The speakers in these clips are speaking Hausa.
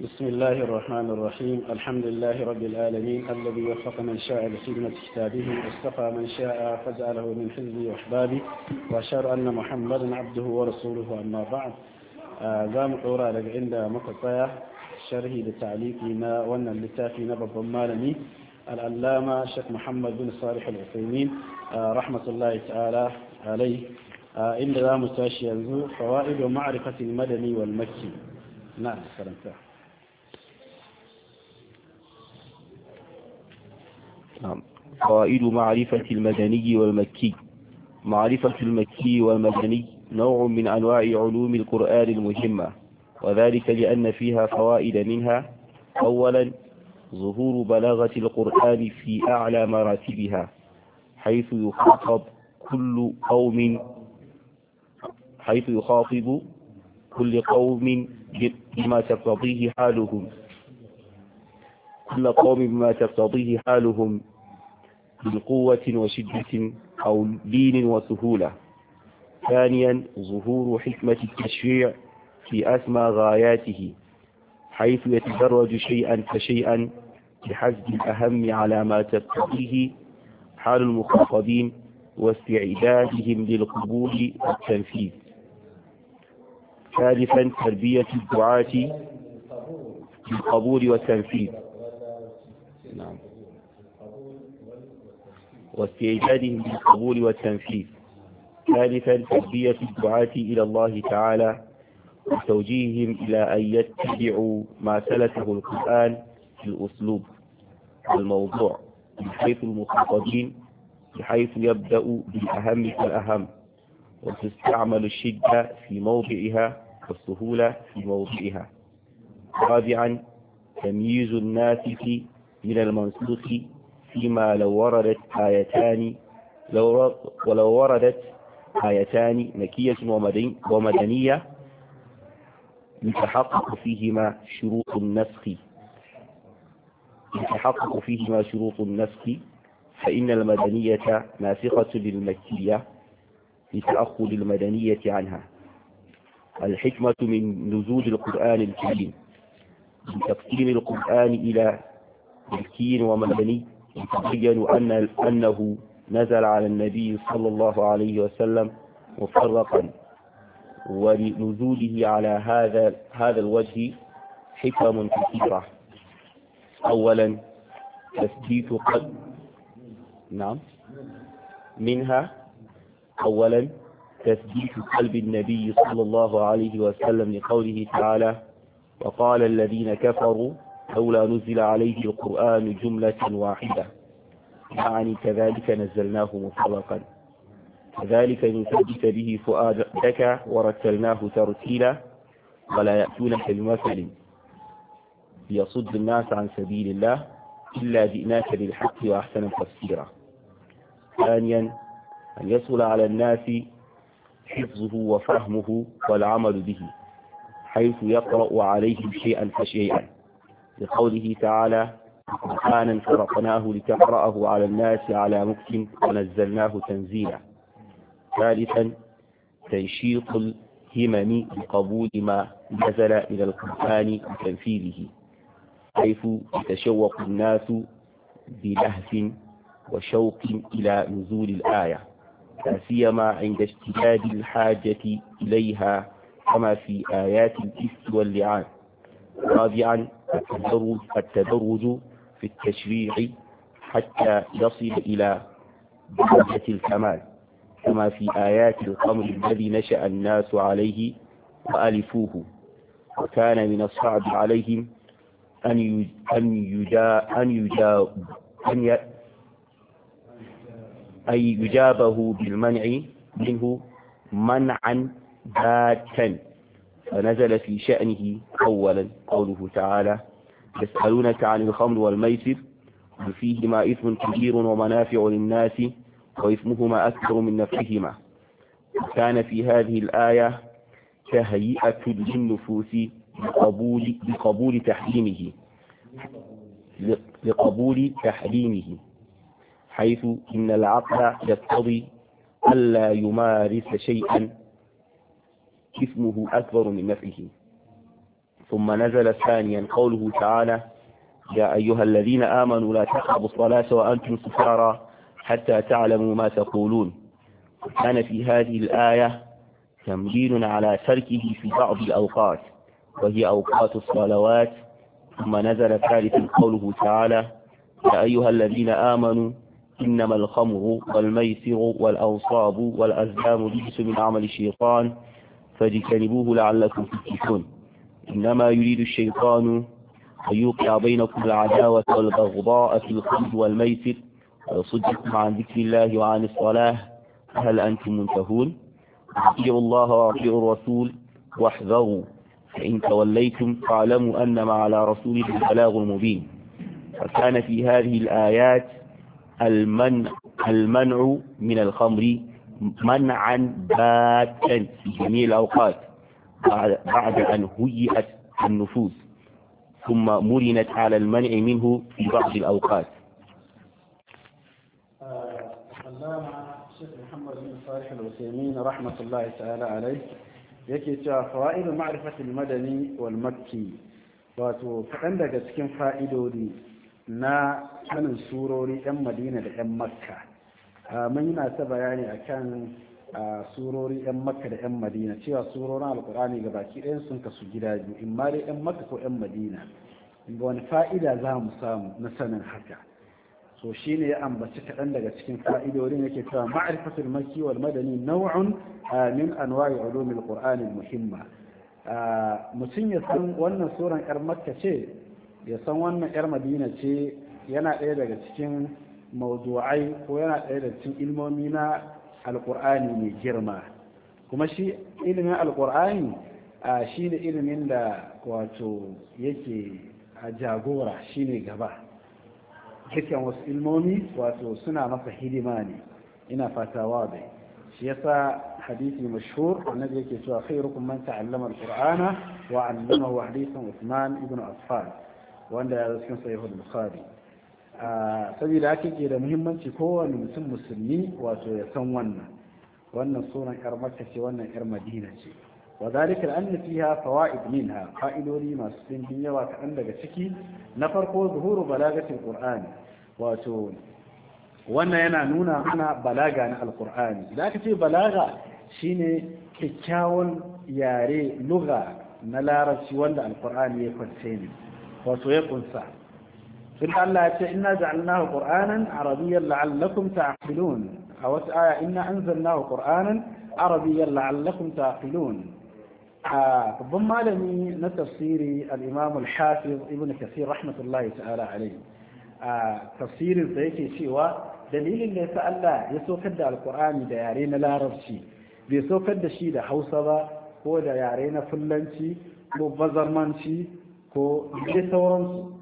بسم الله الرحمن الرحيم الحمد لله رب العالمين الذي وفق من شاء لخدمة كتابه واستقى من شاء فجعله من حزبي وأحبابي وأشهد أن محمدا عبده ورسوله أما بعد آه، زام قورا لك عند مقطع شره لتعليقنا وأن اللتافي نبض مالني العلامة شيخ محمد بن صالح العثيمين آه، رحمة الله تعالى عليه آه، إن لا متاشي فوائد معرفة المدني والمكي نعم سلام تعالى نعم فوائد معرفة المدني والمكي معرفة المكي والمدني نوع من أنواع علوم القرآن المهمة وذلك لأن فيها فوائد منها أولا ظهور بلاغة القرآن في أعلى مراتبها حيث يخاطب كل قوم حيث يخاطب كل قوم بما تقتضيه حالهم كل قوم بما تقتضيه حالهم بالقوة وشدة أو لين وسهولة ثانيا ظهور حكمة التشريع في أسمى غاياته حيث يتدرج شيئا فشيئا بحسب الأهم على ما تقتضيه حال المخاطبين واستعدادهم للقبول والتنفيذ ثالثا تربية الدعاة للقبول والتنفيذ نعم واستعدادهم للقبول والتنفيذ ثالثا تربية الدعاة إلى الله تعالى وتوجيههم إلى أن يتبعوا ما سلكه القرآن في الأسلوب الموضوع من حيث المخاطبين بحيث يبدأ بالأهم فالأهم وتستعمل الشدة في موضعها والسهولة في موضعها رابعا تمييز الناسك من المنسوخ فيما لو وردت آيتان لو ولو وردت آيتان مكية ومدنية يتحقق فيهما شروط النسخ يتحقق فيهما شروط النسخ فإن المدنية ناسخة للمكية لتأخذ المدنية عنها الحكمة من نزول القرآن الكريم من تقسيم القرآن إلى مسكين ومدني يتبين أن أنه نزل على النبي صلى الله عليه وسلم مفرقا ولنزوله على هذا هذا الوجه حكم كثيرة أولا تثبيت قد نعم منها أولا تثبيت قلب النبي صلى الله عليه وسلم لقوله تعالى وقال الذين كفروا لولا نزل عليه القرآن جملة واحدة يعني كذلك نزلناه مطلقا كذلك نثبت به فؤادك ورتلناه ترتيلا ولا يأتونك بمثل ليصد الناس عن سبيل الله إلا جئناك بالحق وأحسن تفسيرا ثانيا أن يسهل على الناس حفظه وفهمه والعمل به حيث يقرأ عليهم شيئا فشيئا لقوله تعالى قرآنا فرقناه لتقرأه على الناس على مكت ونزلناه تنزيلا ثالثا تنشيط الهمم بقبول ما نزل من القرآن وتنفيذه حيث يتشوق الناس بلهف وشوق إلى نزول الآية لا سيما عند اشتداد الحاجة إليها كما في آيات الإفك واللعان رابعا التدرج, التدرج في التشريع حتى يصل إلى درجة الكمال كما في آيات القمر الذي نشأ الناس عليه وألفوه وكان من الصعب عليهم أن أن يجا أن يجا أن ي... يجابه بالمنع منه منعا باتا فنزل في شأنه أولا قوله تعالى يسألونك عن الخمر والميسر فيهما إثم كبير ومنافع للناس وإثمهما أكثر من نفعهما كان في هذه الآية تهيئة للنفوس لقبول, لقبول تحريمه لقبول تحريمه حيث إن العقل يقتضي ألا يمارس شيئا اسمه أكبر من نفعه ثم نزل ثانيا قوله تعالى يا أيها الذين آمنوا لا تقربوا الصلاة وأنتم سكارى حتى تعلموا ما تقولون كان في هذه الآية تمرين على تركه في بعض الأوقات وهي أوقات الصلوات ثم نزل ثالثا قوله تعالى يا أيها الذين آمنوا إنما الخمر والميسر والأوصاب والأزلام ليس من عمل الشيطان فاجتنبوه لعلكم تفلحون إنما يريد الشيطان أن يوقع بينكم العداوة والبغضاء في الخمر والميسر ويصدكم عن ذكر الله وعن الصلاة فهل أنتم منتهون أطيعوا الله وأطيعوا الرسول واحذروا فإن توليتم فاعلموا أنما على رسوله البلاغ المبين فكان في هذه الآيات المنع, المنع من الخمر منعا باتا في جميع الأوقات بعد أن هيئت النفوس ثم مرنت على المنع منه في بعض الأوقات مع الشيخ محمد بن صالح العثيمين رحمة الله تعالى عليه يكي تعا فائد معرفة المدني والمكي واتو فأندك سكين فائدو دي نا من السورو أم مدينة لأم مكة Ah, mun yi ta bayani a kan ah, surori yan makka da yan madina cewa surorin alkur'ani ga baki ɗayan sun kasu gida biyu in ma dai yan makka ko yan madina ga wani fa'ida za mu samu na sanin haka so ne ya ambaci kaɗan daga cikin fa'idodin yake cewa ma'arifatul makki wal madani naw'un ah, min anwa'i ulumil qur'ani muhimma mutum ya san wannan suran yar makka ce ya san wannan yar madina ce yana ɗaya daga cikin mawdu'ai ko yana ɗaya da cikin ilmomi na alkur'ani mai girma kuma shi ilimin alkur'ani a shi ne ilimin da wato yake a jagora shi ne gaba dukkan wasu ilmomi wato suna masa hidima ne ina fata wadai shi yasa hadisi mashhur annabi yake cewa khairukum man ta'allama alqur'ana wa 'allamahu hadithan usman ibn Affan wanda ya cikin sahih bukhari saboda ake ke da muhimmanci kowane mutum musulmi wato ya san wannan wannan sunan yar makka ce wannan yar madina ce wa zalika anna fiha fawaid minha fa'idori masu dimbin yawa kaɗan daga ciki na farko zuhuru balagatil Kur'ani. wato wannan yana nuna mana balaga na alqur'ani da aka ce balaga shine kyakkyawan yare lugha na larabci wanda alqur'ani ya kwance ne wato ya kunsa tun Allah ya ce inna ja'alnahu qur'anan arabiyyan la'allakum ta'qilun a wata aya inna anzalnahu qur'anan arabiyyan la'allakum ta'qilun a babban malami na tafsiri al-imam al-hafiz ibn kathir rahmatullahi ta'ala alayhi a tafsirin sa yake cewa dalilin da yasa Allah ya saukar da alqur'ani da yare na larabci bai saukar da shi da Hausa ba ko da yare na fullanci ko bazarmanci ko da sauransu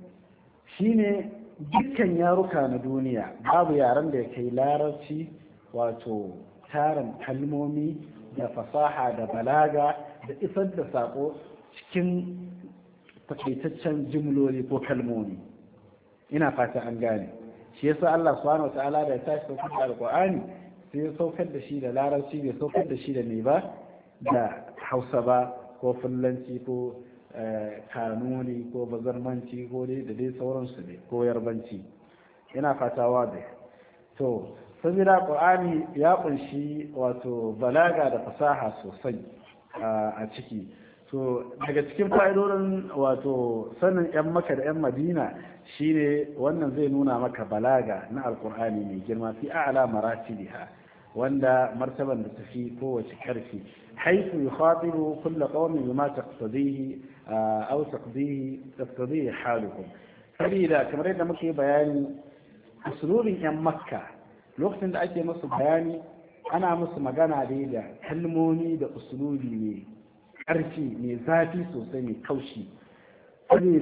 shine dukkan yaruka na duniya babu yaren da ya kai larabci wato tarin kalmomi da fasaha da balaga da isar da sako cikin takaitaccen jimloli ko kalmomi ina fata an gane shi yasa Allah subhanahu wataala da ya tashi sauƙin da sai ya saukar da shi da lararci bai saukar da shi da me ba da hausa ba ko fulanci ko Eh, kanuni ko bazarmanci ko dai da dai sauransu ne ko yarbanci ina fatawa da to saboda qur'ani ya kunshi wato balaga da fasaha sosai eh, a ciki to daga cikin fa'idodin wato sanin 'yan maka da 'yan madina shine wannan zai nuna maka balaga na alkur'ani mai girma fi a'la maratibiha wanda martaban da tafi kowace karfi haifu yukhatibu kullu qawmin bima taqtadihi ah, aw taqdihi taqdihi haluhum sabida kamar yadda muke bayani usulubin yan makka lokacin da ake musu bayani ana musu magana dai da kalmomi da usulubi ne ƙarfi mai zafi sosai mai kaushi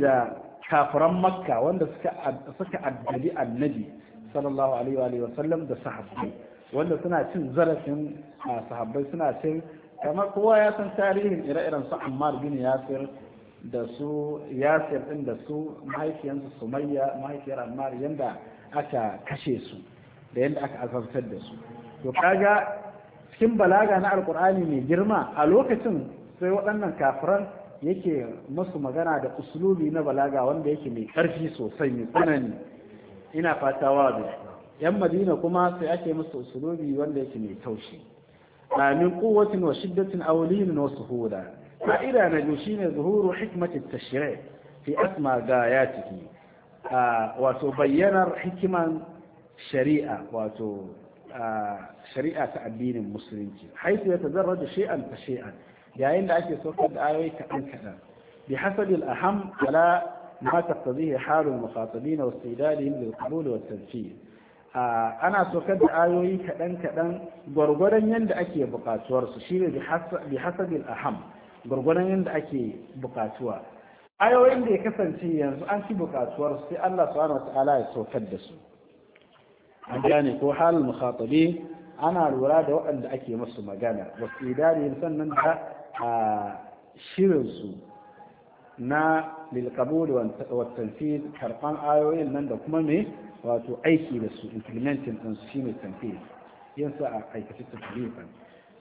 da kafuran makka wanda suka addali annabi sallallahu alaihi wa sallam da sahabbai wanda suna cin zarafin sahabbai suna cin kamar kowa ya san tarihin ire-iren su ammar bin yasir da su yasir din da su mahaifiyansu sumayya mahaifiyar ammar yadda aka kashe su da yadda aka azabtar da su to kaga cikin balaga na alkur'ani mai girma a lokacin sai waɗannan kafiran yake musu magana da usulubi na balaga wanda yake mai ƙarfi sosai mai tsanani ina fata wa yan madina kuma sai ake musu usulubi wanda yake mai taushi ba min quwwatin wa shiddatin awliyin wa fa ila na biyu shine zuhuru hikmati tashri' fi asma gayatihi wa to bayyana hikman shari'a wato shari'a ta addinin musulunci haitu ya tazarrada shay'an fa shay'an yayin da ake sokar da ayoyi ta kaɗan kada bi hasabil aham ala ma taqtadihi halul muqatabin wa istidadihim lil qabul wa tanfiyah ana saukar da ayoyi kaɗan-kaɗan gwargwadon yadda ake buƙatuwarsu shi ne bi hasabil aham gwargwadon yadda ake bukatuwa ayoyin da ya kasance yanzu an fi su sai Allah subhanahu wata'ala ya saukar da su an gane ko halin mukhatabi ana lura da waɗanda ake masu magana wasu idari sannan da shirinsu na lilkabul wa tanfid karɓan ayoyin nan da kuma me wato aiki da su implementing din su shine campaign yin sa a aikace ta tafiye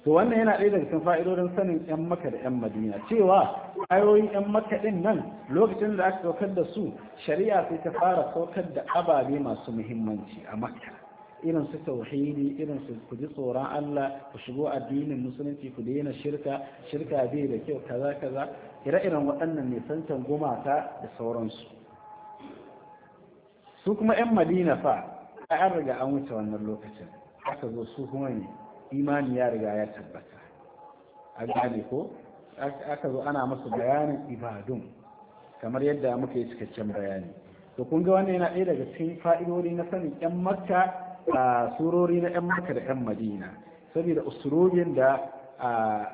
to wannan yana ɗaya daga cikin fa'idodin sanin 'yan maka da 'yan madina cewa ayoyin 'yan maka ɗin nan lokacin da aka saukar da su shari'a sai ta fara saukar da ababe masu muhimmanci a makka irin su tauhidi irin su ku ji tsoron Allah ku shigo addinin musulunci ku daina shirka shirka bai da kyau kaza kaza ire-iren waɗannan ne sancan gumata da sauransu su kuma 'yan madina fa a an riga an wuce wannan lokacin aka zo su kuma ne imani ya riga ya tabbata a gane ko aka zo ana masu bayanin ibadun kamar yadda muka yi cikakken bayani to kun ga wannan yana ɗaya daga cikin fa'idodi na sanin 'yan makka a surori na 'yan makka da 'yan madina saboda usurobin da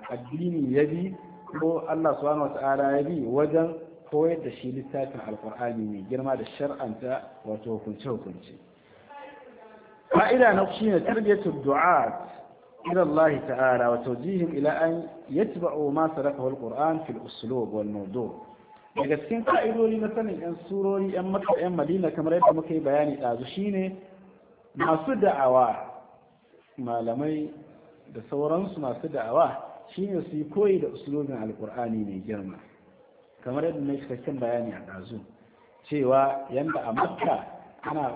addini ya bi ko allah subhanahu wa ta'ala ya bi wajen koyar da shi littafin alkur'ani mai girma da shar'anta wato hukunce-hukunce fa'ida na shi ne tarbiyyar du'at ila Allah ta'ala wa tawjihim ila an yatba'u ma saraka alquran fil uslub wal mawdu daga cikin fa'idodi na sanin yan surori yan makka yan madina kamar yadda muka yi bayani ɗazu shine masu da'awa malamai da sauransu masu da'awa shine su yi koyi da uslubin alkur'ani mai girma kamar yadda na cikakken bayani a ɗazu cewa yadda a makka ana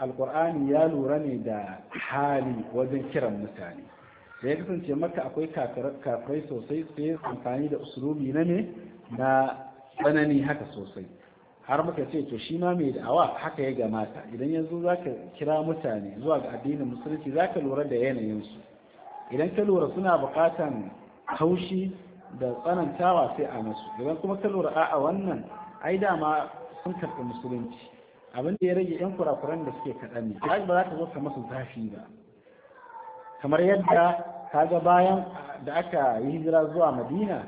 alƙur'ani ya lura ne da hali wajen kiran mutane da ya kasance Makka akwai kafirai sosai sai amfani da usulubi na ne na tsanani haka sosai har muka ce to shi ma mai da'awa haka ya gamata idan yanzu za ka kira mutane zuwa ga addinin musulunci za ka lura da yanayinsu idan ka lura suna bukatan haushi da tsanantawa sai a masu idan kuma ka lura a wannan ai dama sun karɓi musulunci abin da ya rage yan kurakuran da suke kaɗan ne ba za ta zo ka masu zafi ba kamar yadda kaga bayan da aka yi hijira zuwa madina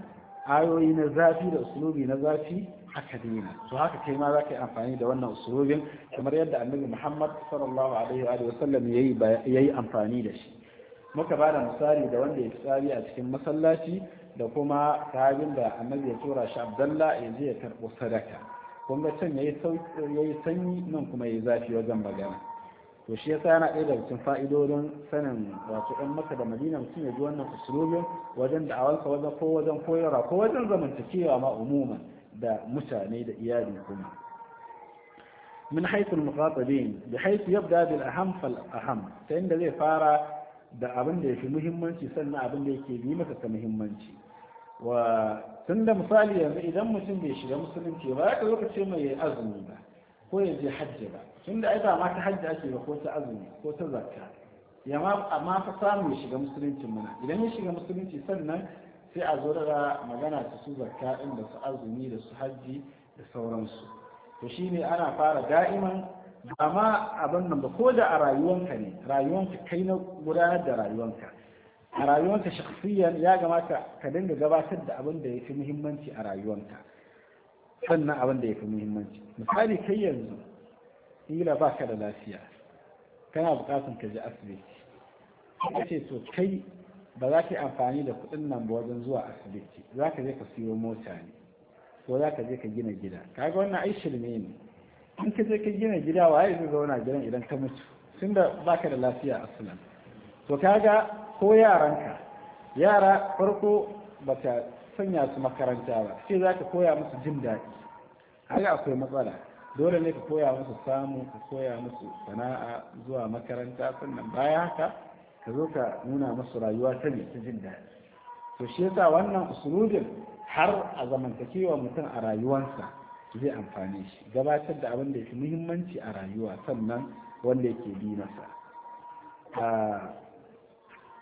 ayoyi na zafi da usulubi na zafi aka daina to haka kai ma za ka yi amfani da wannan usulubin kamar yadda annabi muhammad sallallahu alaihi wa sallam ya yi amfani da shi muka ba da misali da wanda ya fi tsari a cikin masallaci da kuma sahabin da annabi ya tura shi abdallah ya je ya karɓo sadaka kuma can ya yi sanyi nan kuma ya yi zafi wajen magana to shi yasa yana ɗaya daga cikin fa'idodin sanin wato ɗan maka da madina mutum ya ji wannan usulobin wajen da'awarsa wajen ko wajen koyarwa ko wajen zamantakewa ma umuman da mutane da iyali kuma min haithul muqatabin bi haithu yabda bil aham fal aham ta inda zai fara da abin da fi muhimmanci sannan abin da yake bi masa ta muhimmanci wa tun da misali yanzu idan mutum bai shiga musulunci ba ka lokaci mai yi azumi ba ko ya je hajji ba tun da ai ba ma ta hajji ake ba ko ta azumi ko ta zakka ya ma amma fa samu ya shiga musuluncin muna idan ya shiga musulunci sannan sai a zo daga magana ta su zakka din da su azumi da su hajji da sauransu to shine ana fara da'iman ba ma abin nan ba ko da a rayuwanka ne rayuwanka kai na gudanar da rayuwanka a rayuwarka shakhsiyan ya gamata ka dinga gabatar da abin da ya fi muhimmanci a rayuwarka sannan abin da ya fi muhimmanci misali kai yanzu kila ba ka da lafiya kana bukatun ka ji asibiti ka ce to kai ba za ka yi amfani da kuɗin nan ba wajen zuwa asibiti za ka je ka siyo mota ne ko za ka je ka gina gida kaga wannan ai shirme ne in ka je ka gina gida waye zai zauna gidan idan ka mutu tunda ka da lafiya asalan to kaga ko yaranka yara farko baka sanya su makaranta ba ce za ka koya musu jin daɗi haka akwai matsala dole ne ka koya musu samu ka koya musu sana'a zuwa makaranta sannan baya haka ka zo ka nuna musu rayuwa ta ne ta jin daɗi to shi yasa wannan usulubin har a zamantakewa mutum a rayuwansa zai amfane shi gabatar da abin da fi muhimmanci a rayuwa sannan wanda yake bi masa ah,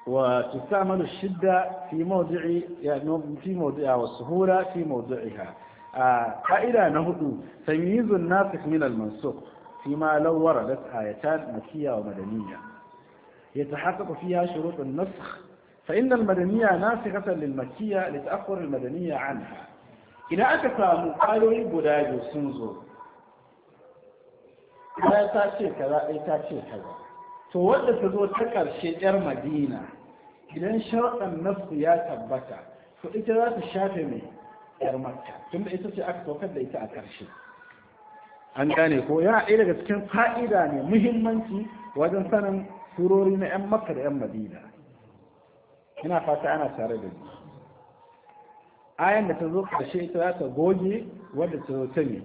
وتستعمل الشدة في موضع يعني في موضعها والسهولة في موضعها آه، قائلة نهض تمييز الناسخ من المنسوخ فيما لو وردت آيتان مكية ومدنية يتحقق فيها شروط النسخ فإن المدنية ناسخة للمكية لتأخر المدنية عنها إن أكثر مقالوا بداية سنزور لا تأتي كذا أي تأتي كذا تولد wadda تكر شجر مدينة idan sharɗan nasu ya tabbata to ita za su shafe mai yar makka da ita ce aka saukar da ita a ƙarshe an gane ko yana ɗaya daga cikin fa'ida ne muhimmanci wajen sanin surori na 'yan makka da 'yan madina ina fata ana tare da ni ayan da ta zo ƙarshe ita za ta goge wadda ta zo ta ne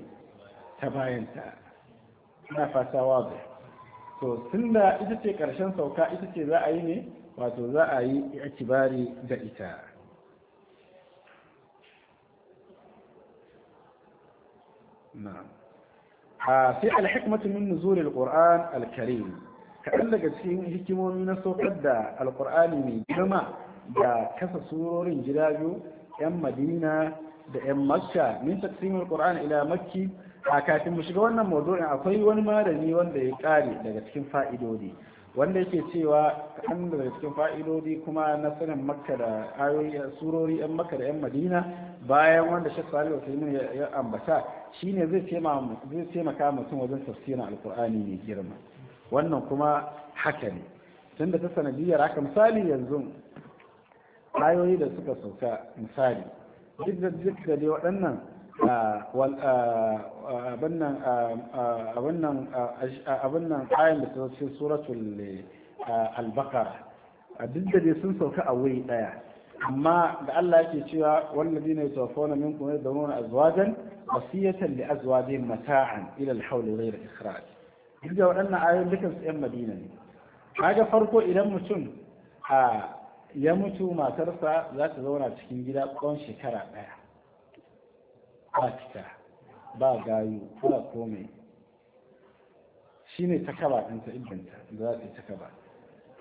ta bayanta ina fata wa to tunda ita ce ƙarshen sauka ita ce za a yi ne wato za a yi itibari da ita fi alhikmatu min nuzulil qur'an alkarim kaɗan daga cikin hikimomi na saukar da Alƙur'ani mai girma da kasa surorin gida biyu 'yan madina da 'yan makka min taqsimul qur'an ila makki a kafin mu shiga wannan mawdu'in akwai wani malami wanda ya kare daga cikin fa'idodi wanda yake cewa kan daga cikin fa'idodi kuma na sanin makka da ayoyi surori yan makka da yan madina bayan wanda shek salihu usaimin ya ambata shine zai taimaka mutum wajen tafsirin alkur'ani mai girma wannan kuma haka ne tunda ta sanadiyar haka misali yanzu ayoyi da suka sauka misali duk da duk da dai waɗannan abin nan ayan da ta cikin suratul albakara duk da dai sun sauka a wuri daya amma da Allah yake cewa wallazi ne tawaffawna minkum yadruna azwajan wasiyatan li azwajihim mata'an ila al-hawl ghayra ikhraj duk da waɗannan ayoyin dukan su 'yan Madina ne kaga farko idan mutum a ya mutu matarsa za ta zauna cikin gida tsawon shekara ɗaya ba fita ba gayu ba komai shine takaba ɗinta ibinta da za ta yi takaba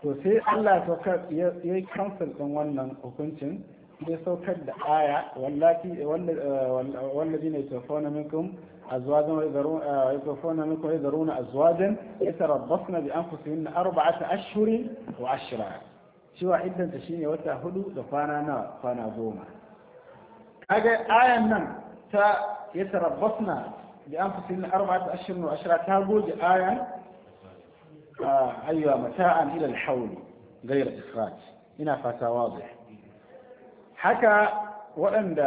to sai Allah ya yi kamfil ɗin wannan hukuncin ya saukar da aya wallafi ne fauna minkum azwajan wa eh, tafona minkum yadruna azwajan yatarabbasna bi anfusihin arba'ata ashhurin wa ashra cewa iddanta shine wata hudu da kwana na kwana goma kaga ayan nan يتربصن بأنفسهن أربعة أشهر وعشرة تابوج آية آه أيوة متاعا إلى الحول غير إخراج هنا فاتا واضح حكى وأن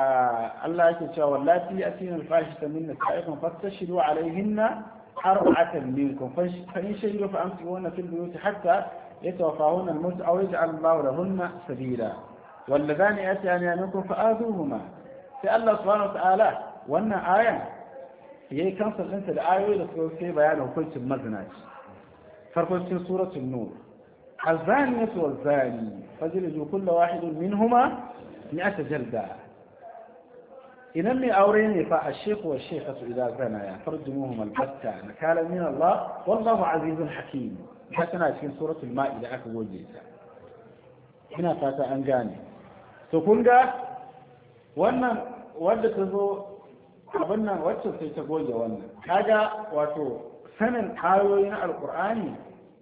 آه الله يكتشى واللاتي يأتين الفاحشة من نسائكم فاستشهدوا عليهن أربعة منكم فإن شهدوا فأمسكوهن في البيوت حتى يتوفاهن الموت أو يجعل الله لهن سبيلا واللذان يأتيان منكم فآذوهما sai Allah subhanahu wa wannan ayan yayi kansa dinta da ayoyi da suka sai bayanin hukuncin mazinaci farko cikin suratul nur azani wa zani fajlidu kullu wahidin minhumā mi'ata jalda idan mai aure ne fa a sheku wa sheka su idan zana ya farjimu mu malbatta wallahu azizun hakim ta tana cikin suratul ma'ida aka goge ta ina fata an gane to kun ga wannan wadda ta zo abin nan wacce sai ta goge wannan kaga wato sanin ayoyin alkur'ani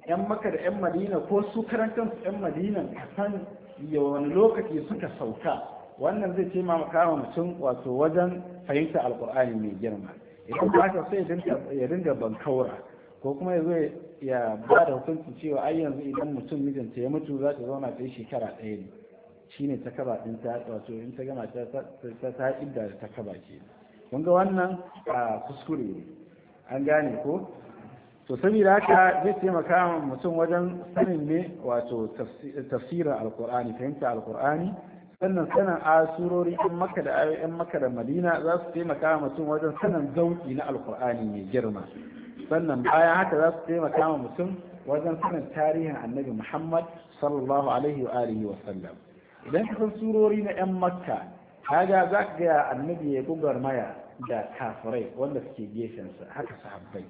yan maka da yan madina ko su karantar su yan madina san wani lokaci suka sauka wannan zai ce maka mutum wato wajen fahimta alkur'ani mai girma idan ba ka sai ya dinga bankaura ko kuma ya zo ya ba da hukunci cewa ai yanzu idan mutum mijinta ya mutu za ta zauna ta shekara ɗaya ne Shi ne ta kaba din ta wato in ta gama ta ta ta ta kaba ke kun ga wannan a kuskure an gane ko to saboda haka zai taimaka wa mutum wajen sanin ne wato tafsirin alkur'ani fahimta alkur'ani sannan sanin a surori yan maka da yan maka da madina za su taimaka wa mutum wajen sanin zauki na alkur'ani mai girma sannan bayan haka za su taimaka wa mutum wajen sanin tarihin annabi muhammad sallallahu alaihi wa alihi wa sallam idan ka san surori na yan makka kaga za ka ga annabi ya gugar maya da kafirai wanda suke gefensa haka sahabbai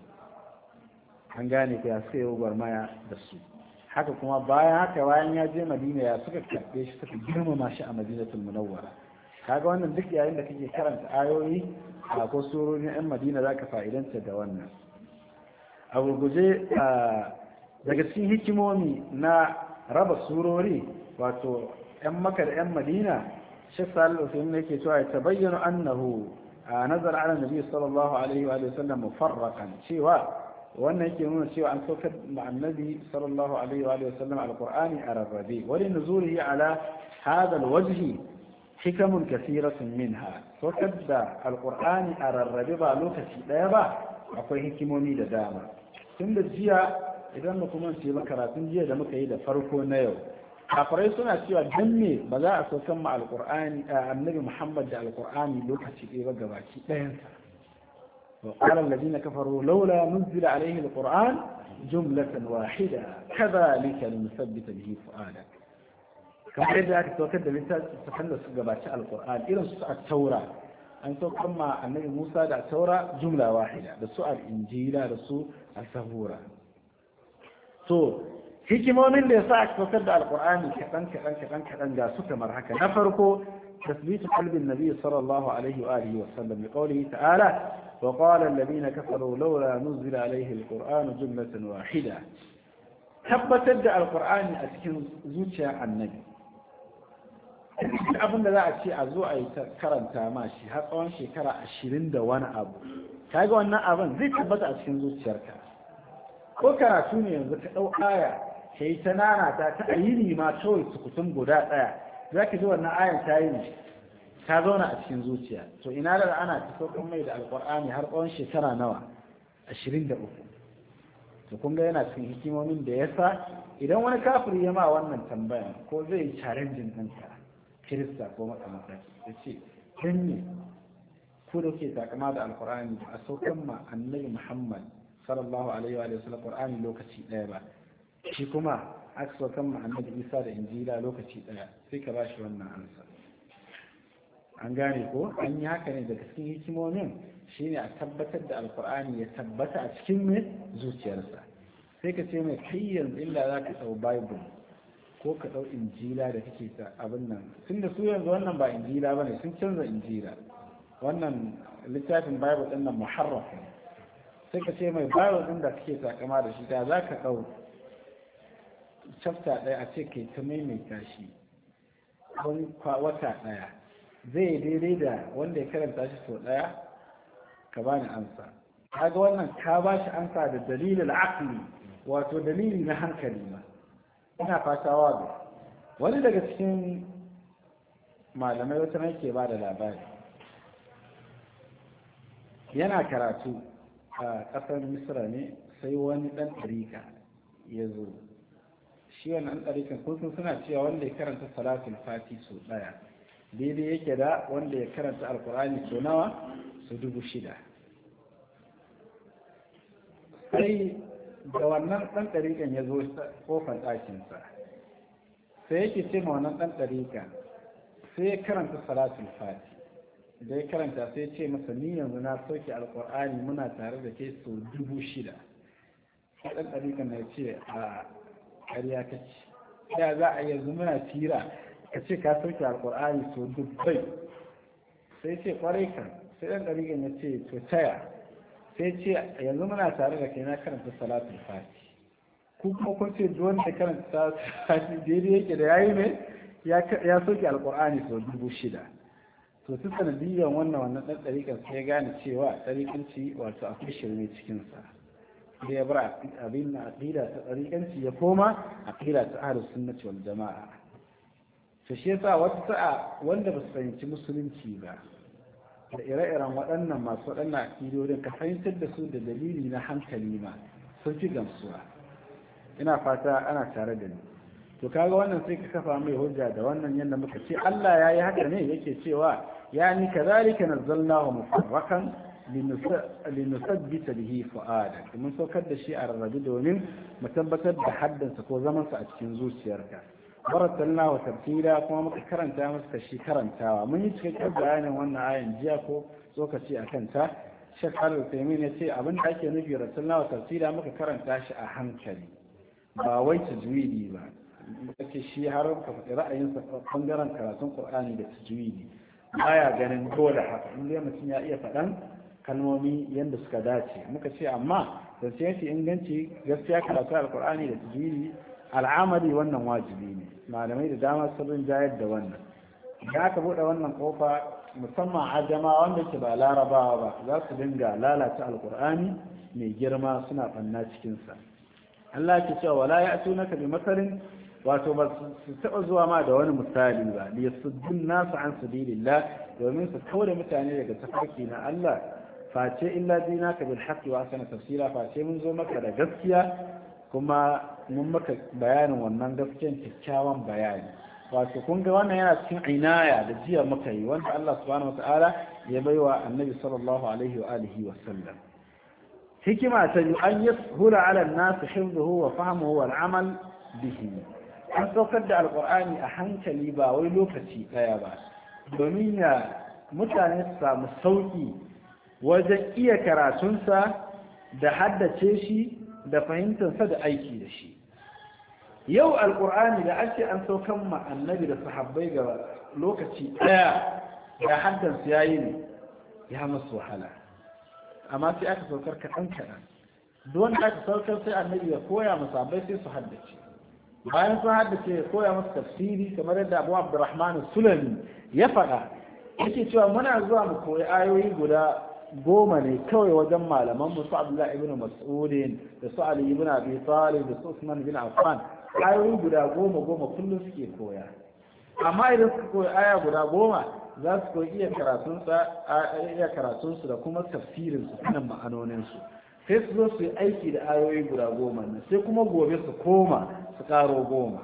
an gane ko ya sai ya gugar maya da su haka kuma bayan haka bayan ya je madina ya suka karɓe shi suka girmama shi a madinatul munawwara kaga wannan duk yayin da kake karanta ayoyi a ko surori na yan madina zaka fa'idanta da wannan a gurguje ah, daga cikin hikimomi na raba surori wato 'yan maka da 'yan madina shek salil usaini ne ke cewa ya bayyana annahu a nazar ala nabi sallallahu alaihi wa sallam mufarraqan cewa wannan yake nuna cewa an saukar da annabi sallallahu alaihi wa sallam Alƙur'ani a rarrabe wani nuzuri ya ala hadha alwajhi hikamun kasiratun minha saukar da Alƙur'ani a rarrabe ba lokaci daya ba akwai hikimomi da dama tun da jiya idan mu kuma ce karatun jiya da muka yi da farko na yau kafirai suna cewa dan me ba za a saukan ma alqur'ani eh, annabi muhammad da alƙur'ani lokaci ɗaya ba gabaki ɗayansa wa qala alladhina kafaru laula nuzila alayhi alqur'an jumlatan wahida kadhalika nusabbita bihi fu'adak kamar yadda aka saukar da littafin da su gabaci Alƙur'an irin su a taura an saukar ma annabi musa da taura jumla wahida da su a injila da su al-zabura hikimomin da ya sa aka saukar da alkur'ani kaɗan kaɗan kaɗan kaɗan ga su kamar haka na farko تثبيت قلب النبي صلى الله عليه وآله وسلم بقوله تعالى وقال الذين كفروا لولا نزل عليه القرآن جملة واحدة حب تبدأ القرآن أتكن زوجة عن النبي abin da za a ce a zo a yi karanta ma shi har tsawon shekara ashirin da wani abu kaga wannan abin zai tabbata a cikin zuciyarka ko karatu ne yanzu ka ɗau aya ta yi ta nanata ta yi ma kawai kusan guda ɗaya za ki ji wannan ayan ta yi ne ta zauna a cikin zuciya to ina da ana ta kan mai da alƙur'ani har tsawon shekara nawa ashirin da uku to kun ga yana cikin hikimomin da yasa idan wani kafiri ya ma wannan tambaya ko zai yi challenging ɗinka kirista ko matsamata ya ce ne ko da kuke takama da alƙur'ani a saukan ma annabi muhammad sallallahu alaihi wa sallam lokaci ɗaya ba shi kuma aka saukan muhammadu isa da injila lokaci daya sai ka bashi wannan amsa an gane ko an yi haka ne daga cikin hikimomin shi ne a tabbatar da alkur'ani ya tabbata a cikin mai zuciyarsa sai ka ce mai kai yanzu illa za ka ɗau bible ko ka ɗau injila da kake ta abin nan tun da su yanzu wannan ba injila ba ne sun canza injila wannan littafin bible ɗin nan muharraf ne sai ka ce mai bible ɗin da kake takama da shi ta, za ka tsawo chapter ɗaya a ce kai ta maimaita shi wata ɗaya zai daidai da wanda ya karanta shi sau ɗaya ka bani amsa kaga wannan ka ba shi amsa da dalilin aqli wato dalili na hankali ma ina fata wazo wani daga cikin malamai wata nan ke ba da labari yana karatu a ƙasar misra ne sai wani ɗan ɗarika ya zo shi an ɗarikin kun suna cewa wanda ya karanta salatin fati sau ɗaya daidai yake da wanda ya karanta alkur'ani su nawa su dubu shida sai da wannan ɗan ɗarikan ya zo kofar ɗakinsa sai yake ce ma wannan ɗan ɗarikan sai ya karanta salatin fati da ya karanta sai ce masa ni yanzu na sauke alkur'ani muna tare da ke sau dubu shida ɗan ɗarikan na ce a ƙarya ka ce ya za a yanzu muna tira ka ce ka sauke alƙur'ani so dubbai sai ce kwarai ka. sai ɗan ɗarigan ya ce to taya sai ce yanzu muna tare da kai na karanta salatu fati ku kuma kun ce duk wanda karanta salatu fati daidai yake da yayi ne ya sauke Alƙur'ani sau dubu shida to su sanadiyyar wannan wannan ɗan ɗariƙar sai gane cewa ɗariƙanci wato akwai shirme cikinsa da ya bar abin na aqida ta tsarikanci ya koma aqida ta ahlus sunnati wal jama'a to shi yasa wata wanda ba su fahimci musulunci ba da ire-iren waɗannan masu waɗannan akidodin ka fahimtar da su da dalili na hankali ma sun fi gamsuwa ina fata ana tare da ni to kaga wannan sai ka kafa mai hujja da wannan yadda muka ce Allah ya yi haka ne yake cewa ya ni kazalika nazzalnahu mufarrakan linusabbita bihi fu'ada mun saukar da shi a rarrabe domin mu tabbatar da haddansa ko zamansa a cikin zuciyarka baratalna wa tartila kuma muka karanta masa shi karantawa mun yi cikakken bayanin wannan ayan jiya ko tsokaci a kanta shek halar taimin ya ce abin da ake nufi rasulna wa tartila muka karanta shi a hankali ba wai tajwidi ba ake shi har ka faɗi ra'ayinsa bangaren karatun qur'ani da tajwidi baya ganin dole haka in dai mutum ya iya faɗan kalmomi yadda suka dace muka ce amma zancen shi inganci gaskiya karatu alkur'ani da tijiri al'amari wannan wajibi ne malamai da dama sun jayar da wannan da aka buɗe wannan kofa musamman ajama wanda ke ba larabawa ba za su dinga lalata alkur'ani mai girma suna cikin sa Allah ke cewa wala ya ato ka bi masarin wato ba su taɓa zuwa ma da wani misali ba li yasuddun nasu an sabilillah domin su kaure mutane daga tafarki na Allah face illa dina ka bil haqqi wa asana tafsira face mun zo maka da gaskiya kuma mun maka bayanin wannan gaskiyan kyakkyawan bayani wato kun ga wannan yana cikin inaya da jiya muka yi wanda Allah subhanahu wataala ya baiwa annabi sallallahu alaihi wa alihi wa sallam hikima ta yi an hula ala nasu nas fahamowar wa amal bihi an saukar da alkur'ani a hankali ba wai lokaci daya ba domin ya mutane su samu sauƙi. wajen iya karatunsa da haddace shi da fahimtarsa da aiki da shi yau alkur'ani da ake an saukan annabi da sahabbai ga lokaci ɗaya da haddansu ya yi ne ya masu wahala amma sai aka saukar kaɗan kaɗan don aka saukar sai annabi ya koya sahabbai sai su haddace bayan sun haddace ya koya masu tafsiri kamar yadda abu abdurrahman sulami ya faɗa yake cewa muna zuwa mu koyi ayoyi guda goma ne kawai wajen malaman musu abdullahi ibn mas'udin da su ali ibn abi talib da su usman bin affan ayoyi guda goma goma kullum suke koya amma idan suka koyi aya guda goma za su koyi iya karatunsu da kuma su kan sanin ma'anoninsu sai su zo su yi aiki da ayoyi guda goma ne, sai kuma gobe su koma su karo goma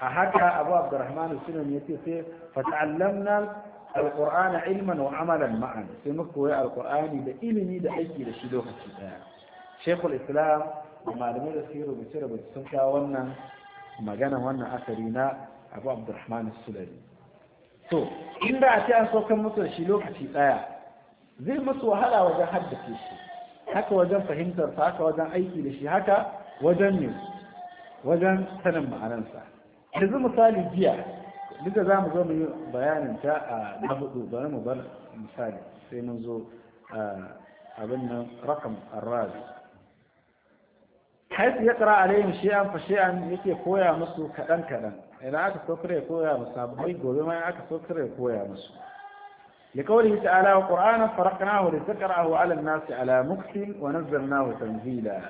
a haka abu abdurrahman sunan ya ce sai fata'allamna alqur'ana ilman wa amalan ma'an sai muka koyi alqur'ani da ilimi da aiki da shi lokaci daya shekul islam malamai da suke rubuce rubuce sun kawo wannan magana wannan asari na abu abdurrahman sulari to inda a ce an saukan musu da shi lokaci ɗaya, zai musu wahala wajen haddace shi haka wajen fahimtar sa haka wajen aiki da shi haka wajen ne wajen sanin ma'anansa yanzu misali jiya? duk da za mu zo mu yi bayanin ta a na hudu bari mu bar misali sai mun zo abin nan rakam arrazi haifu ya kara alayhim shi'an fa shi'an yake koya musu kaɗan kaɗan idan aka so kare koya musu sabbai gobe ma aka so kare koya musu لقوله تعالى وقرآنا فرقناه لتقرأه على الناس على مكس ونزلناه تنزيلا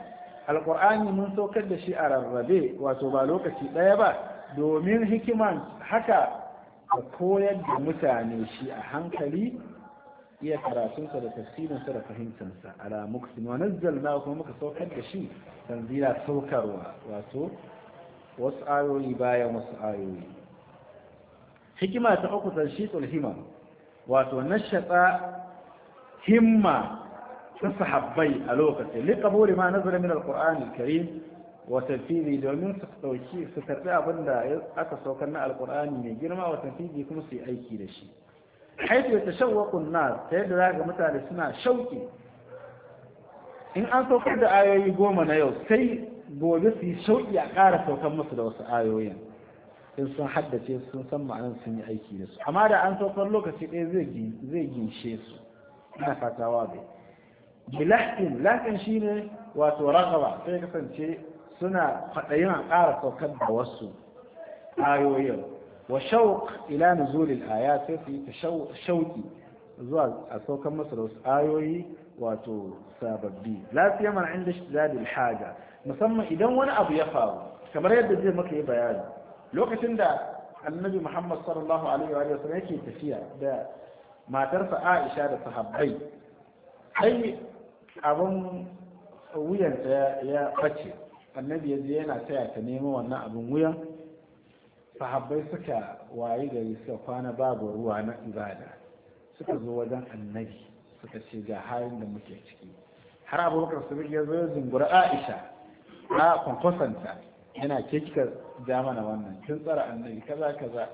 القرآن من سوكد شيء الربيع وتبالوك شيء يبات domin hikiman haka ka koyar da mutane shi a hankali iya karatunsa da tafsirinsa da fahimtansa ala muksin wa nazzalna kuma muka saukar da shi tanzila saukarwa wato wasu ayoyi bayan wasu ayoyi hikima ta uku tanshitul hima wato nashata himma ta sahabbai a lokacin liqaburi ma nazara min alqur'ani alkarim fili domin su ɗauki su karɓi abin da aka saukar na alkur'ani mai girma fili kuma su yi aiki da shi haifu ya tashawwaqun nas ta yadda za ga mutane suna shauki in an saukar da ayoyi goma na yau sai gobe su yi shauki a ƙara saukar musu da wasu ayoyin in sun haddace sun san ma'anar sun yi aiki da su amma da an saukar lokaci ɗaya zai ginshe su ina fatawa bai bilahtin lakin shine wato ragaba sai kasance suna faɗayin a ƙara saukar da wasu ayoyin wa shauk ila nuzulil aya sai su yi ta shauki zuwa a saukar masa da wasu ayoyi wato sababbi lafiya mana inda shidadil haja musamman idan wani abu ya faru kamar yadda zai maka yi bayani lokacin da annabi muhammad sallallahu alaihi wa sallam yake tafiya da matarsa aisha da sahabbai sai abin wuyanta ya face annabi ya je yana taya ta neman wannan abin wuya sahabbai suka wayi gari suka kwana babu ruwa na ibada suka zo wajen annabi suka ce ga halin da muke ciki har abubakar su ya zo ya zungura aisha a kwankwasanta yana ke kika ja mana wannan kin tsara annabi kaza kaza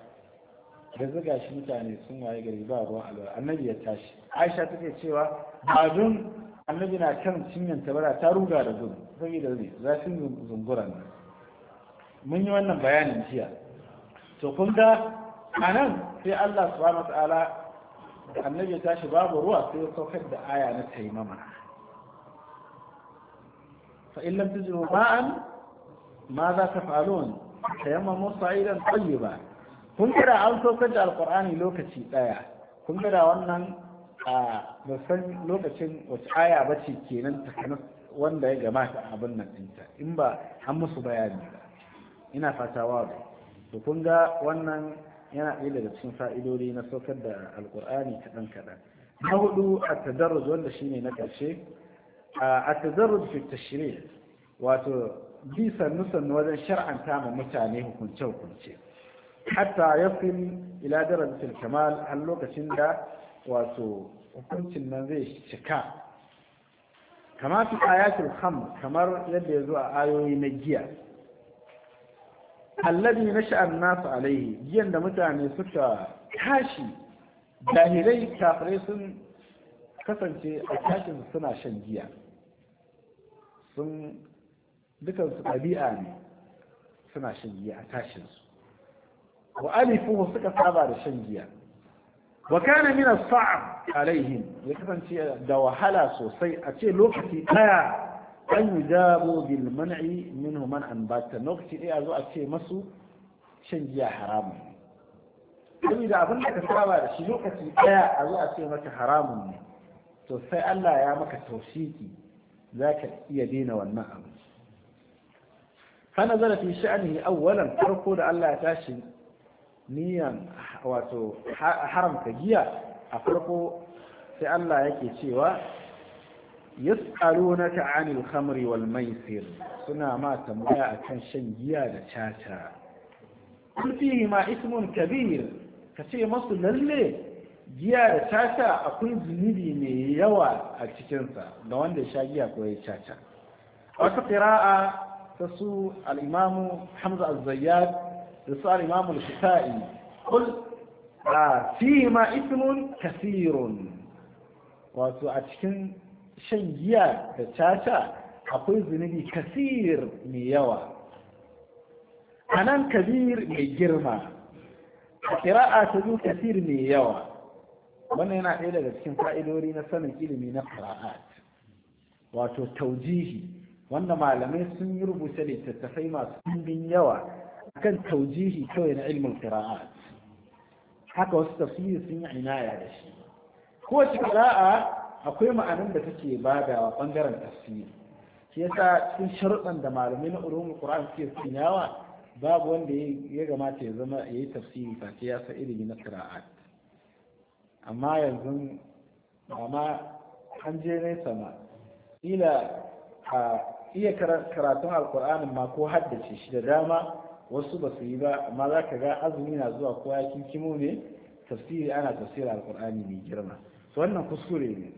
da zuga shi mutane sun waye gari ba ruwan alwala annabi ya tashi aisha take cewa ba annabi na kan cinyanta bara ta ruga da gudu saboda ne zafin zungura ne mun yi wannan bayanin jiya to kun ga a nan sai Allah subhanahu ta'ala annabi ta tashi babu ruwa sai ya saukar da aya na taimama fa in lam ma'an ma za ta falon tayammamu sa'idan tayyiba kun kira an saukar da alqur'ani lokaci daya kun kira wannan a ban san lokacin wace aya bace kenan ta wanda ya gamata abin nan ɗinta in ba an musu bayani ba ina fata wa ba to kun ga wannan yana ɗaya daga cikin fa'idodi na saukar da alƙur'ani kaɗan kaɗan na hudu a tadarruj wanda shine na ƙarshe a tadarruj fi tashri wato bi sannu sannu wajen shar'anta ma mutane hukunce hukunce hatta yasil ila darajatil kamal har lokacin da wato hukuncin nan zai cika kama fi ayatul kham kamar yadda ya zo a ayoyi na giya alladhi nasha'an nasu alaihi giyan da mutane suka tashi Dahilai kafirai sun kasance a tashin suna shan giya sun su ɗabi'a ne suna shan giya a tashin su. wa alifu suka saba da shan giya wa kana min as-sa'ab alaihim ya kasance da wahala sosai a ce lokaci ɗaya an yi jabo bil man'i minhu man an bata lokaci ɗaya zo a ce masu shan giya haramun saboda abin da ka saba da shi lokaci ɗaya a zo a ce maka haramun ne to sai Allah ya maka tausiki zaka iya daina wannan abu fana zara fi sha'anihi awwalan farko da Allah ya tashi niyan wato haramta giya a farko sai Allah yake cewa yas'alunaka 'anil khamri wal maisir suna ma tambaya akan shan giya da caca kul ma ismun kabir kace masu lalle giya da caca akwai zunubi mai yawa a cikinsa ga wanda ya sha giya ko ya caca wata qira'a ta su al-imam Hamza az-Zayyad da su al-imam al-Shafi'i kul ah, ma ismun kathirun wato a cikin shan giya da caca akwai zunubi kasir mai yawa a nan kabir mai girma a ƙira'a ta zo kasir mai yawa wannan yana ɗaya daga cikin fa'idori na sanin ilimi na ƙira'at wato taujihi wanda malamai sun yi rubuta littattafai masu ɗimbin yawa kan taujihi kawai na ilimin ƙira'at haka wasu tafsiri sun yi inaya da shi kowace qira'a akwai ma'anin da take badawa ɓangaren tafsiri shi yasa cikin sharuɗan da malamai na ulumul ƙura'an suke sanyawa babu wanda ya gamata ya zama ya yi tafsiri face ya sa ilimi na qira'at amma yanzu ba ma an je nesa ma ila a iya karatun alkur'anin ma ko haddace shi da dama wasu ba su yi ba amma za ka ga azumi na zuwa kowa ya kinkimo ne tafsiri ana tafsirin alkur'ani mai girma wannan kuskure ne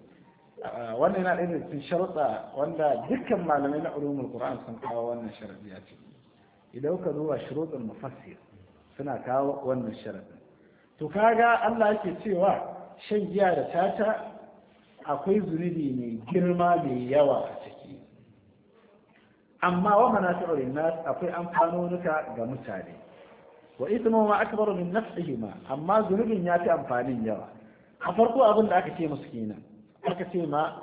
ah, wannan yana ɗaya cikin sharuɗa wanda dukkan malamai na ulumul qur'an sun kawo wannan sharadi ya ce idan ka duba shuruɗin mufassir suna kawo wannan sharadi to kaga Allah yake cewa shan giya da tata akwai zunubi mai girma mai yawa a ciki amma wa manafi'ul nas akwai amfanonuka ga mutane wa ithmu ma akbaru min nafsihima amma zunubin yafi fi amfanin yawa a farko abin da aka ce musu kenan aka ce ma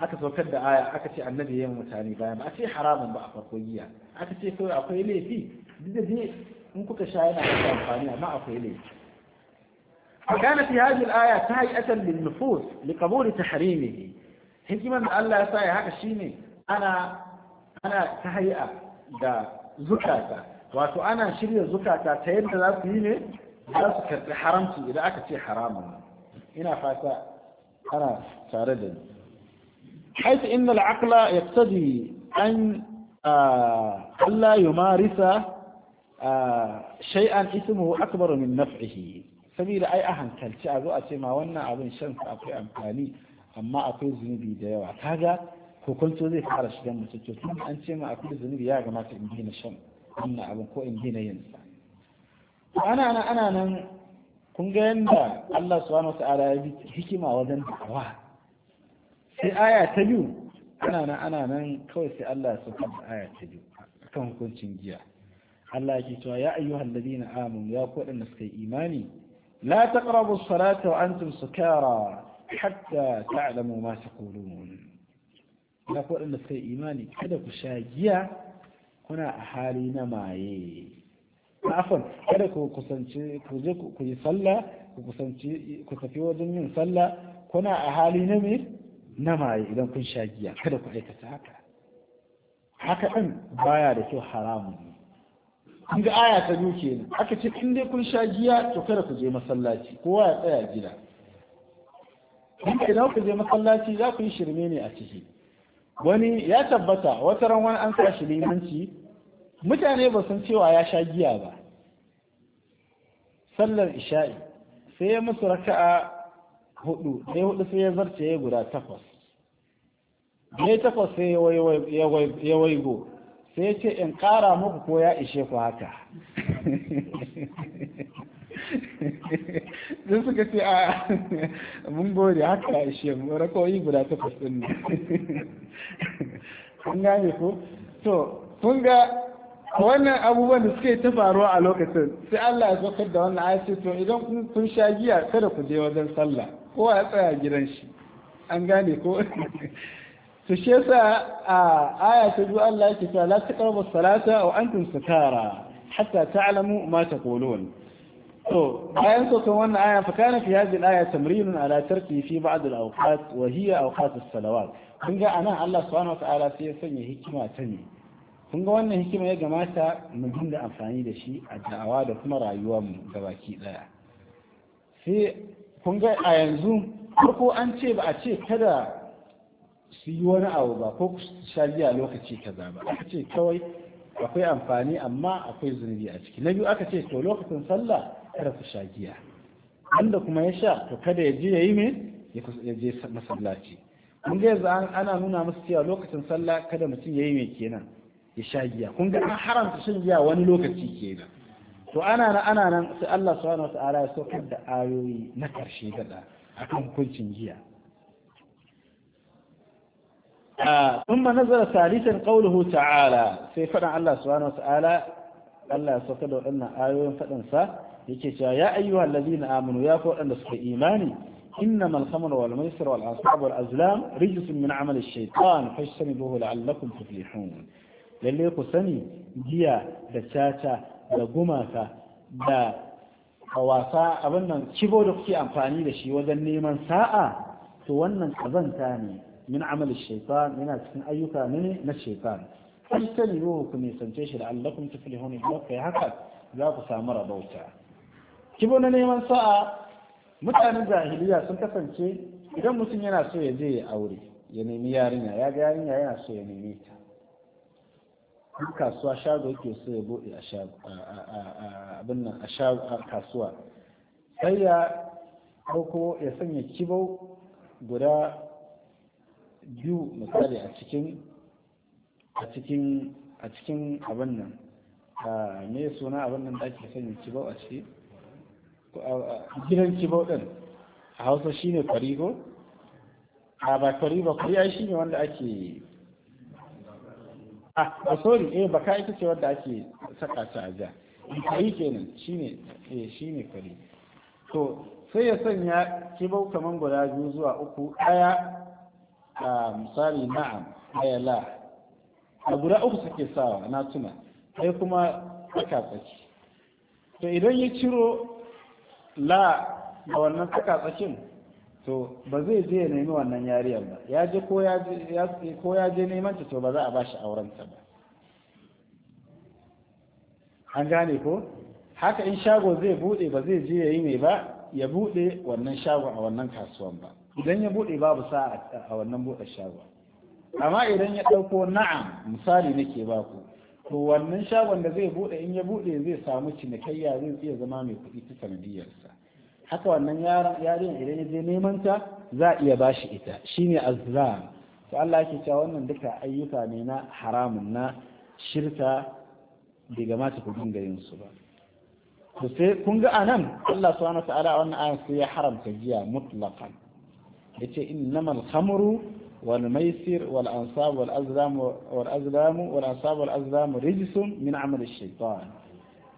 aka saukar da aya aka ce annabi yayin mutane bayan ba a ce haramun ba a farko giya aka ce kawai akwai laifi duk da dai in kuka sha yana da amfani amma akwai laifi وكان في هذه الآية تهيئة للنفوس لقبول تحريمه حكما الله يسعي هذا أنا أنا تهيئة دا زكاة وأتو أنا شري زكاة تهيئة لا تهيئة لا تكرر حرمتي إذا أكت حراما ina fata ana tare da ni حيث إن العقل يقتضي أن ألا يمارس شيئا اسمه akbar min naf'ihi sabida ai a hankalci a zo a ce ma wannan abin shan akwai amfani amma akwai zunubi da yawa kaga hukunci zai fara shigan mutum to tun an ce ma akwai zunubi ya gamata in gina shan wannan abin ko in gina yin sa ana nan ana nan kun ga yadda Allah subhanahu wata'ala ya bi hikima wajen da'awa sai aya ta biyu ana nan ana nan kawai sai Allah ya sauka aya ta biyu kan hukuncin giya Allah yake cewa ya ayyuhal ladina amanu ya ku wadanda suka yi imani la taqrabu as-salata wa antum sukara hatta ta'lamu ma taqulun ya ku wadanda suka yi imani kada ku sha giya kuna a hali na maye afon kada ku kusanci ku yi sallah ku kusanci ku tafi wajen yin sallah kuna a hali na me na maye idan kun sha giya kada ku aikata haka haka ɗin baya da kyau haramun ne In ga aya ta biyu kenan aka ce in dai kun sha giya to kada ku je masallaci kowa ya tsaya gida in idan ku je masallaci za ku yi shirme ne a ciki wani ya tabbata wata ran wani an sa shi limanci mutane ba san cewa ya sha giya ba sallar isha'i sai ya musu raka'a hudu sai hudu sai ya zarce ya guda takwas ne takwas sai ya waigo sai ce in kara muku ko ya ishe ku haka sai suka ce a mun gode haka ya ishe mu rakoyi guda takwas din ne. kun gane ko to kun ga wannan abubuwan da suke ta faruwa a lokacin sai Allah ya saukar da wannan ayat to idan kun sha giya kada ku je wajen sallah ko ya tsaya gidan shi an gane ko to shi yasa a aya ta zuwa Allah yake cewa la taqrabu salata wa antum sukara hatta ta'lamu ma taqulun to bayan saukan wannan aya fa kana fi hadhihi al-aya tamrinun ala tarki fi ba'd al-awqat wa hiya awqat as-salawat kun ga anan Allah subhanahu wa ta'ala sai ya sanya hikima ta ne kun ga wannan hikima ya gamata mu dinga amfani da shi a da'awa da kuma rayuwarmu ga baki daya sai kun ga a yanzu farko an ce ba a ce kada su yi wani abu ba ko ku sha a lokaci kaza ba aka ce kawai akwai amfani amma akwai zunubi a ciki na biyu aka ce to lokacin sallah kada ku sha giya wanda kuma ya sha to kada ya je ya yi me ya je masallaci mun ga yanzu ana nuna musu cewa lokacin sallah kada mutum ya yi me kenan ya sha giya kun ga an haramta shan giya wani lokaci kenan to ana nan ana nan sai Allah subhanahu wataala ya saukar da ayoyi na karshe gada akan hukuncin giya ثم نزل ثالثا قوله تعالى في فدع الله سبحانه وتعالى الله سكدو ان ايوين فدن سا yake cewa ya ayyuhal ladina amanu ya ku wadanda suka imani innama al-khamr wal maisir wal ansab wal azlam rijsun min amali ash-shaytan lalle ku sani giya da caca da gumaka da wasa abin nan kibo da kuke amfani da shi wajen neman sa'a to wannan kazanta ne min amal shaitan yana cikin ayyuka ne na shaitan sai ta nemo ku nisance shi da Allah tafi tuflihun idan kai haka za ku samu rabauta kibo na neman sa'a mutanen jahiliya sun kasance idan mutum yana so ya je ya aure ya nemi yarinya ya ga yarinya yana so ya nemi ta in kasuwa shago yake so ya bude a a kasuwa sai ya ɗauko ya sanya kibau guda biyu misali a cikin a cikin a cikin abin nan me suna abin nan da ake sanya kibau a ciki gidan kibau din a hausa shine ko a ba kwari ba kwari ai shine wanda ake a sori eh baka ita ce wadda ake saka ta a ja kai kenan shine eh shine fari to sai ya sanya kibau kaman guda biyu zuwa uku aya a misali na'am aya la a guda uku suke sawa na tuna sai kuma aka tsaki to idan ya ciro la a wannan tsaka tsakin to ba zai je ya nemi wannan yariyar ba ya je ko ya je neman ta to ba za a bashi aurenta ba an gane ko haka in shago zai bude ba zai je ya yi mai ba ya bude wannan shago a wannan kasuwan ba idan ya bude babu sa a wannan bude shago amma idan ya dauko na'am misali nake ba ku to wannan shagon da zai bude in ya bude zai samu cinikayya zai iya zama mai kuɗi ta sanadiyarsa haka wannan yaron yarin idan ya je neman ta za a iya bashi ita shine azlam to Allah yake cewa wannan duka ayyuka ne na haramun na shirka bai gamata ku dinga yin su ba to sai kun ga anan Allah subhanahu wa ta'ala a wannan ayan sai ya haramta giya mutlaqan yace innamal khamru wal maisir wal ansab wal azlam wal azlam wal ansab wal azlam rijsun min amali shaytan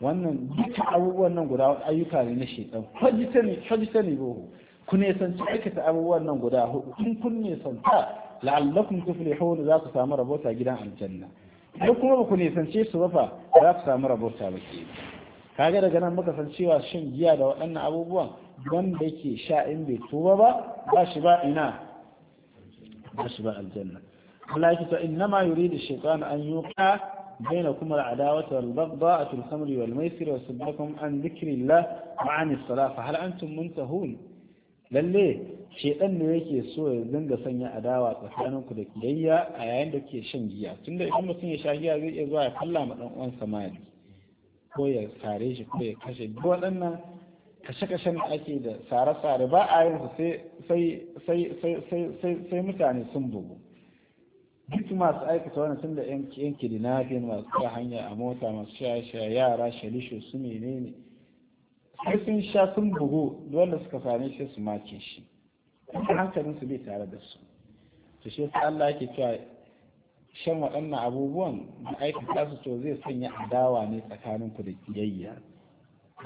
wannan duka abubuwan nan guda ayyuka ne na shaitan ne bohu ku ci aikata abubuwan nan guda hudu in kun nisanta la'allakum tuflihun za ku samu rabota gidan aljanna idan kuma ba ku nisance su ba za ku samu rabota ba ke kaga daga nan muka san cewa shin giya da waɗannan abubuwan wanda yake sha in bai tuba ba ba shi ba ina ba shi ba aljanna Allah ya ce inna ma yuridu shaytan an yuqa بينكم العداوة والبغضاء في الخمر والميسر وصدكم عن ذكر الله وعن الصلاة فهل أنتم منتهون lalle shedan ne yake so ya dinga sanya adawa tsakaninku da kiyayya a yayin da ke shan giya tunda idan mutum ya sha giya zai iya zuwa ya kalla ma dan uwansa mali ko ya sare shi ko ya kashe duk waɗannan kashe-kashen da ake da sare-sare ba a yin su sai sai sai sai sai mutane sun bugu duk masu aikata wani tun da yan kidnapping masu ta hanya a mota masu shaye-shaye yara shalisho su ne sai sun sha sun bugu dole suka same shi su make shi hankalin su bai tare da su to shi yasa Allah yake cewa shan waɗannan abubuwan da aikata su to zai sanya adawa ne tsakanin ku da kiyayya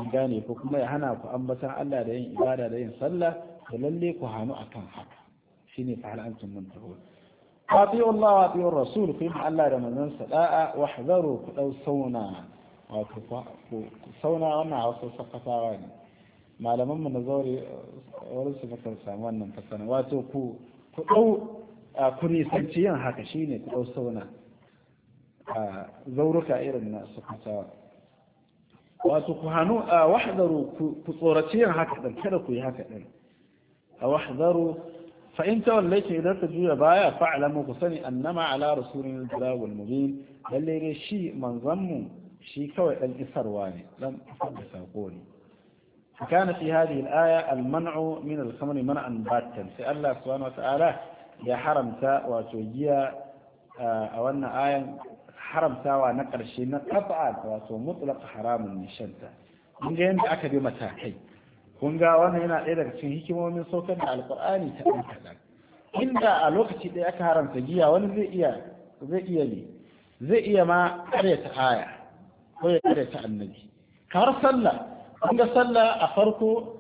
an gane ko kuma ya hana ku ambatan Allah da yin ibada da yin sallah to lalle ku hanu akan haka shine fa hal antum muntahun أطيعوا الله وأطيعوا الرسول في محل الله رمضان سلاء واحذروا كتو سونا سونا غنى عصر سقطا غنى ما لم من نظوري ورسي مكتب سامان ننفسنا واتوكو كتو كوني سنتيا حقشيني كتو سونا زورك إير من سقطا واتوكو هنو واحذروا كتورتيا حقشيني كتو سونا واحذروا fa in tawallaytum idan ta juya baya fa alamu sani annama ala rasulil balagh wal mubin lalle ne shi manzon shi kawai dan ne dan isar da sako ne كان في هذه الآية المنع من الخمر منعا باتا سأل الله سبحانه وتعالى يا حرمتا وتوجيا أو أن آية حرمتا ونقر شيء قطعا ومطلق حرام من شنتا من جهة أكد متاحي kun ga wannan yana ɗaya daga cikin hikimomin saukar da alkur'ani ta ɗan kaɗan inda a lokaci ɗaya aka haramta giya wani zai iya zai iya ne zai iya ma ƙaryata aya ko ya ƙaryata annabi kamar sallah kun ga sallah a farko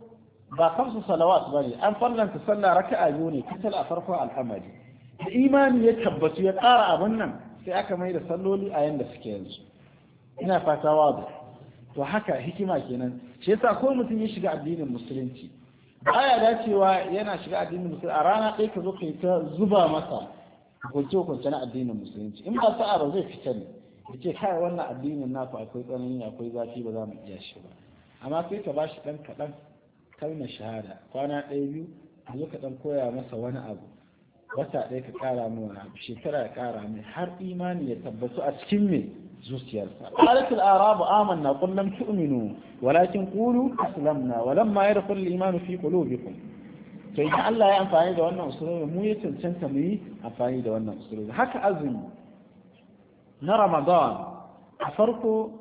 ba kamsu salawat ba ne an fallanta sallah raka'a biyu ne kasal a farko al'amari da imani ya tabbatu ya ƙara abin nan sai aka mai da salloli a yanda suke yanzu ina fata wadu to haka hikima kenan shi yasa ko mutum ya shiga addinin musulunci baya dacewa yana shiga addinin musulunci a rana ɗaya ka zo ka yi ta zuba masa hukunce hukunce na addinin musulunci in ba sa'a ba zai fita ne ya ce kai wannan addinin naku akwai tsanani akwai zafi ba za mu iya shi ba amma sai ka ba shi ɗan kaɗan kalmar shahada kwana ɗaya biyu a zo ka ɗan koya masa wani abu wata ɗaya ka ƙara mai wani abu shekara ya ƙara mai har imani ya tabbatu a cikin mai. zuciyarsa qalatul arabu amanna qul lam tu'minu walakin qulu aslamna walamma yadkhul al-iman fi qulubikum to idan Allah ya amfani da wannan usulun mu ya cancanta mu yi amfani da wannan usulun haka azumi na Ramadan a farko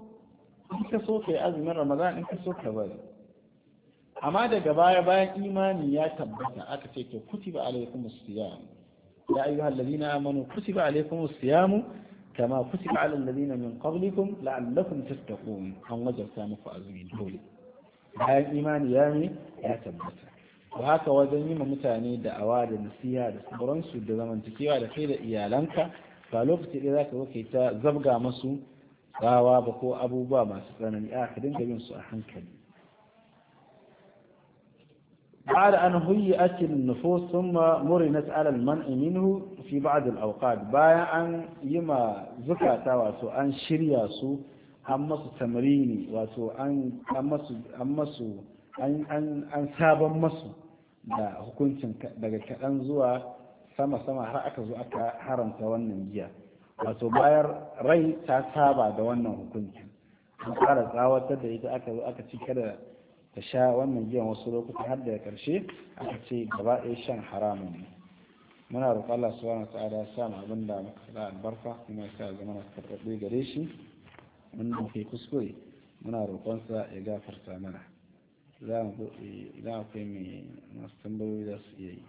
in ka so ka yi azumin Ramadan in ka so ka bari amma daga baya bayan imani ya tabbata aka ce to kutiba alaikum as-siyam ya ayyuhal ladina amanu kutiba alaikum as-siyamu Tama kama kutiba da alladhina min qablikum la'allakum tattaqun an wajabta muku azumi dole bayan imani ya ne ya tabbata to haka wajen yi ma mutane da awa da nasiha da sauransu da zamantakewa da kai da iyalanka ba lokaci ɗaya za ka zo ta zabga masu tsawa ba ko abubuwa masu tsanani a ka dinga yin su a hankali بعد أن هيئت النفوس ثم مرنت على المنع منه في بعض الأوقات بايا أن يما زكاة واسو أن شريا سو أمس تمريني واسو أن أمس أمس أن أن أن ساب أمس da hukuncin daga kaɗan zuwa sama-sama har aka zo aka haramta wannan jiya wato bayan rai ta saba da wannan hukuncin an fara tsawatar da ita aka ci kada ka sha wannan giyan wasu lokuta har da karshe aka ce gaba ɗaya shan haramun ne muna roƙon Allah su wani ta'ala ya sa mu abin da muka da albarka kuma ya sa zama na karɓaɓɓe gare shi wanda ke kuskure muna roƙonsa ya gafarta mana za mu idan akwai mai masu tambayoyi za su iya yi